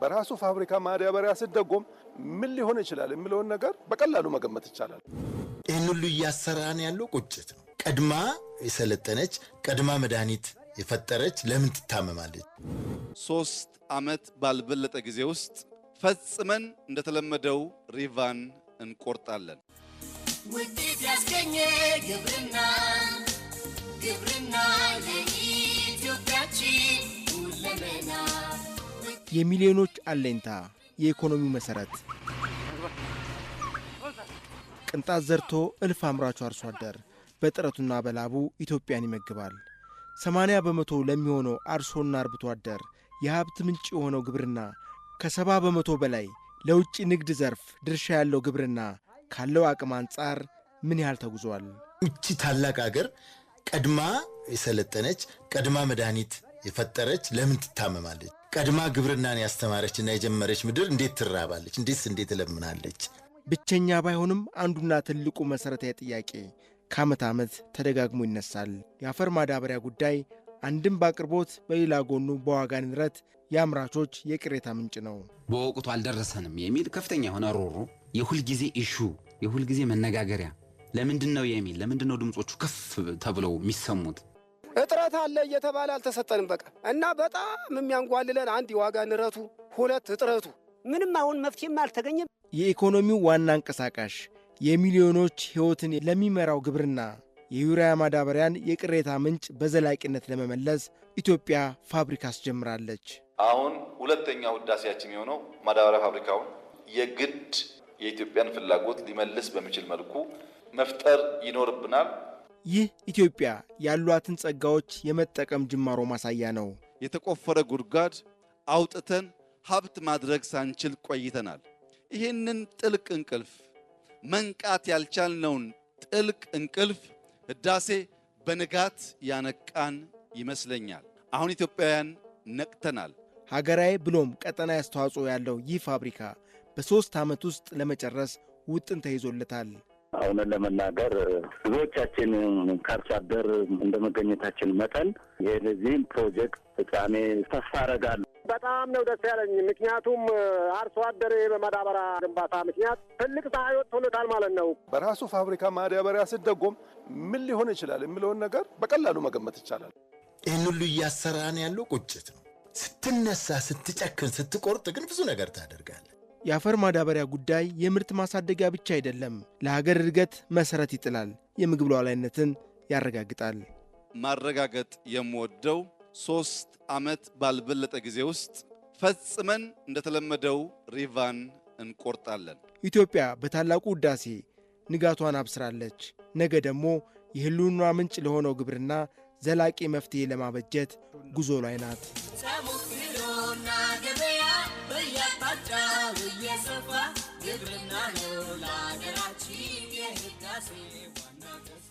በራሱ ፋብሪካ ማዳበሪያ ሲደጎም ምን ሊሆን ይችላል የሚለውን ነገር በቀላሉ መገመት ይቻላል። ይህን ሁሉ እያሰራን ያለው ቁጭት ነው። ቀድማ የሰለጠነች ቀድማ መድኃኒት የፈጠረች ለምን ትታመማለች? ሶስት ዓመት ባልበለጠ ጊዜ ውስጥ ፈጽመን እንደተለመደው ሪቫን እንቆርጣለን። ውጤት ያስገኘ ግብርና የሚሊዮኖች አለኝታ፣ የኢኮኖሚው መሰረት፣ ቅንጣት ዘርቶ እልፍ አምራቹ አርሶ አደር በጥረቱና በላቡ ኢትዮጵያን ይመግባል። 80 በመቶ ለሚሆነው አርሶና አርብቶ አደር የሀብት ምንጭ የሆነው ግብርና ከሰባ በመቶ በላይ ለውጭ ንግድ ዘርፍ ድርሻ ያለው ግብርና ካለው አቅም አንጻር ምን ያህል ተጉዟል? እቺ ታላቅ ሀገር ቀድማ የሰለጠነች ቀድማ መድኃኒት የፈጠረች ለምን ትታመማለች? ቀድማ ግብርናን ያስተማረች እና የጀመረች ምድር እንዴት ትራባለች? እንዴትስ እንዴት ትለምናለች? ብቸኛ ባይሆንም አንዱና ትልቁ መሠረታዊ ጥያቄ ከዓመት ዓመት ተደጋግሞ ይነሳል። የአፈር ማዳበሪያ ጉዳይ አንድም በአቅርቦት በሌላ ጎኑ በዋጋ ንረት የአምራቾች የቅሬታ ምንጭ ነው። በወቅቱ አልደረሰንም የሚል ከፍተኛ የሆነ ሮሮ፣ የሁልጊዜ ኢሹ፣ የሁልጊዜ መነጋገሪያ ለምንድን ነው የሚል ለምንድን ነው ድምፆቹ ከፍ ተብለው የሚሰሙት? እጥረት አለ እየተባለ አልተሰጠንም። በቃ እና በጣም የሚያንጓልለን አንድ የዋጋ ንረቱ፣ ሁለት እጥረቱ። ምንም አሁን መፍትሄም አልተገኘም። የኢኮኖሚው ዋና እንቀሳቃሽ የሚሊዮኖች ሕይወትን ለሚመራው ግብርና የዩሪያ ማዳበሪያን የቅሬታ ምንጭ በዘላቂነት ለመመለስ ኢትዮጵያ ፋብሪካ አስጀምራለች። አሁን ሁለተኛ ውዳሴያችን የሆነው ማዳበሪያ ፋብሪካውን የግድ የኢትዮጵያን ፍላጎት ሊመልስ በሚችል መልኩ መፍጠር ይኖርብናል። ይህ ኢትዮጵያ ያሏትን ጸጋዎች የመጠቀም ጅማሮ ማሳያ ነው። የተቆፈረ ጉድጓድ አውጥተን ሀብት ማድረግ ሳንችል ቆይተናል። ይህንን ጥልቅ እንቅልፍ መንቃት ያልቻልነውን ጥልቅ እንቅልፍ ህዳሴ በንጋት ያነቃን ይመስለኛል። አሁን ኢትዮጵያውያን ነቅተናል። ሀገራዊ ብሎም ቀጠናዊ አስተዋጽኦ ያለው ይህ ፋብሪካ በሦስት ዓመት ውስጥ ለመጨረስ ውጥን ተይዞለታል። እውነት ለመናገር ብዙዎቻችን ከአርሶ አደር እንደመገኘታችን መጠን የዚህም ፕሮጀክት ፍጻሜ ተስፋ አደርጋለሁ። በጣም ነው ደስ ያለኝ። ምክንያቱም አርሶ አደር በማዳበሪያ ግንባታ ምክንያት ትልቅ ፀሐይ ወጥቶለታል ማለት ነው። በራሱ ፋብሪካ ማዳበሪያ ስደጎም ምን ሊሆን ይችላል የሚለውን ነገር በቀላሉ መገመት ይቻላል። ይህን ሁሉ እያሰራን ያለው ቁጭት ነው። ስትነሳ፣ ስትጨክን፣ ስትቆርጥ ግን ብዙ ነገር ታደርጋለህ። የአፈር ማዳበሪያ ጉዳይ የምርት ማሳደጊያ ብቻ አይደለም፣ ለሀገር እድገት መሰረት ይጥላል፣ የምግብ ሉዓላዊነትን ያረጋግጣል። ማረጋገጥ የምወደው ሶስት ዓመት ባልበለጠ ጊዜ ውስጥ ፈጽመን እንደተለመደው ሪቫን እንቆርጣለን። ኢትዮጵያ በታላቁ ህዳሴ ንጋቷን አብስራለች። ነገ ደግሞ የህልውና ምንጭ ለሆነው ግብርና ዘላቂ መፍትሄ ለማበጀት ጉዞ ላይ ናት። ስፍራ ግብርና ነው ለሀገራችን የህዳሴ ዋና ተስፋ